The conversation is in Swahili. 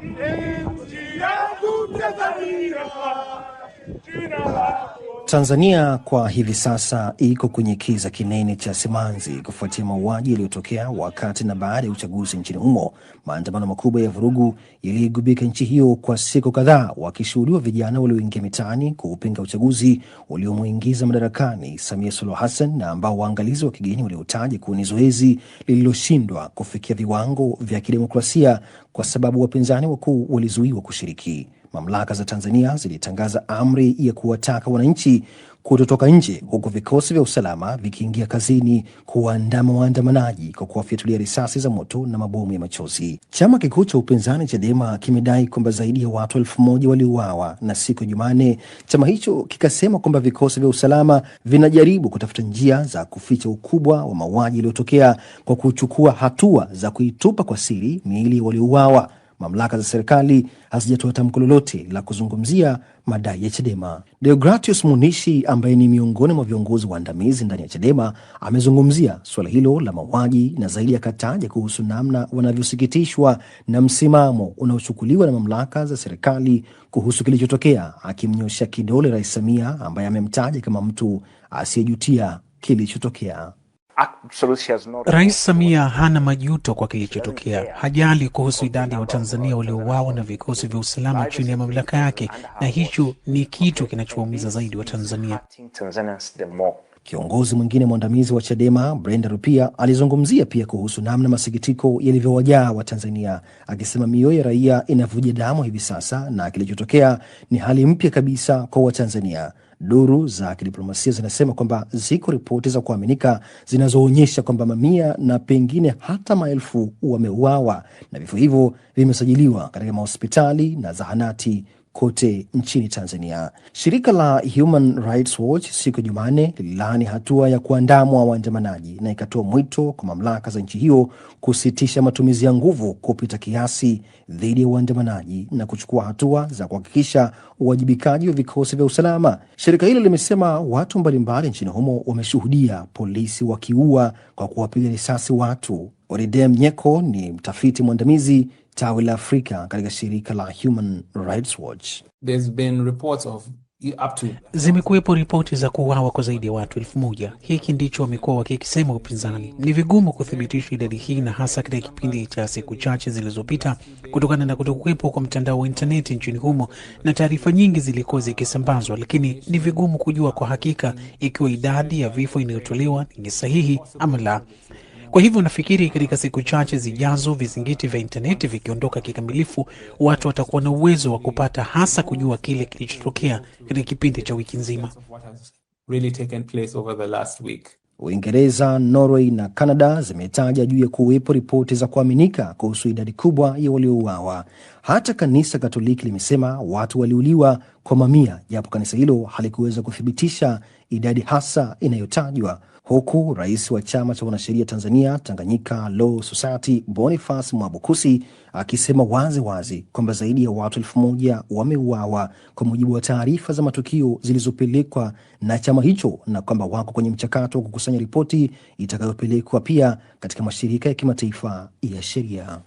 Enviado pesaria, tira lá. Tanzania kwa hivi sasa iko kwenye kiza kinene cha simanzi kufuatia mauaji yaliyotokea wakati na baada ya uchaguzi nchini humo. Maandamano makubwa ya vurugu yaliyoigubika nchi hiyo kwa siku kadhaa, wakishuhudiwa vijana walioingia mitaani kuupinga uchaguzi uliomwingiza madarakani Samia Suluhu Hassan, na ambao waangalizi wa kigeni waliotaja kuwa ni zoezi lililoshindwa kufikia viwango vya kidemokrasia kwa sababu wapinzani wakuu walizuiwa kushiriki mamlaka za Tanzania zilitangaza amri ya kuwataka wananchi kutotoka nje huku vikosi vya usalama vikiingia kazini kuwaandama waandamanaji kwa kuwafyatulia risasi za moto na mabomu ya machozi. Chama kikuu cha upinzani Chadema kimedai kwamba zaidi ya watu elfu moja waliuawa, na siku ya Jumanne chama hicho kikasema kwamba vikosi vya usalama vinajaribu kutafuta njia za kuficha ukubwa wa mauaji yaliyotokea kwa kuchukua hatua za kuitupa kwa siri miili waliouawa mamlaka za serikali hazijatoa tamko lolote la kuzungumzia madai ya Chadema. Deogratius Munishi ambaye ni miongoni mwa viongozi waandamizi ndani ya Chadema amezungumzia suala hilo la mauaji na zaidi akataja kuhusu namna wanavyosikitishwa na msimamo unaochukuliwa na mamlaka za serikali kuhusu kilichotokea, akimnyosha kidole Rais Samia ambaye amemtaja kama mtu asiyejutia kilichotokea. Rais Samia hana majuto kwa kilichotokea. Hajali kuhusu idadi ya Watanzania waliouawa na vikosi vya usalama chini ya mamlaka yake, na hicho ni kitu kinachowaumiza zaidi Watanzania. Kiongozi mwingine mwandamizi wa Chadema Brenda Rupia alizungumzia pia kuhusu namna masikitiko yalivyowajaa Watanzania, akisema mioyo ya raia inavuja damu hivi sasa na kilichotokea ni hali mpya kabisa kwa Watanzania. Duru za kidiplomasia zinasema kwamba ziko ripoti za kuaminika zinazoonyesha kwamba mamia na pengine hata maelfu wameuawa na vifo hivyo vimesajiliwa katika mahospitali na zahanati kote nchini Tanzania. Shirika la Human Rights Watch siku ya Jumanne lililaani hatua ya kuandamwa waandamanaji na ikatoa mwito kwa mamlaka za nchi hiyo kusitisha matumizi ya nguvu kupita kiasi dhidi ya waandamanaji na kuchukua hatua za kuhakikisha uwajibikaji wa vikosi vya usalama. Shirika hilo limesema watu mbalimbali nchini humo wameshuhudia polisi wakiua kwa kuwapiga risasi watu. Oridem Nyeko ni mtafiti mwandamizi tawi la Afrika katika shirika la Human Rights Watch. There's been reports of up to... zimekuwepo ripoti za kuuawa kwa zaidi ya watu elfu moja. Hiki ndicho wamekuwa wakikisema upinzani. Ni vigumu kuthibitisha idadi hii, na hasa katika kipindi cha siku chache zilizopita, kutokana na kutokuwepo kwa mtandao wa intaneti nchini humo, na taarifa nyingi zilikuwa zikisambazwa, lakini ni vigumu kujua kwa hakika ikiwa idadi ya vifo inayotolewa ni sahihi ama la. Kwa hivyo nafikiri katika siku chache zijazo, vizingiti vya intaneti vikiondoka kikamilifu, watu watakuwa na uwezo wa kupata hasa kujua kile kilichotokea katika kipindi cha wiki nzima. Uingereza, Norway na canada zimetaja juu ya kuwepo ripoti za kuaminika kuhusu idadi kubwa ya waliouawa. Hata kanisa Katoliki limesema watu waliuliwa kwa mamia, japo kanisa hilo halikuweza kuthibitisha idadi hasa inayotajwa huku rais wa chama cha wanasheria Tanzania Tanganyika Law Society Boniface Mwabukusi akisema wazi wazi kwamba zaidi ya watu elfu moja wameuawa kwa mujibu wa taarifa za matukio zilizopelekwa na chama hicho na kwamba wako kwenye mchakato wa kukusanya ripoti itakayopelekwa pia katika mashirika ya kimataifa ya sheria.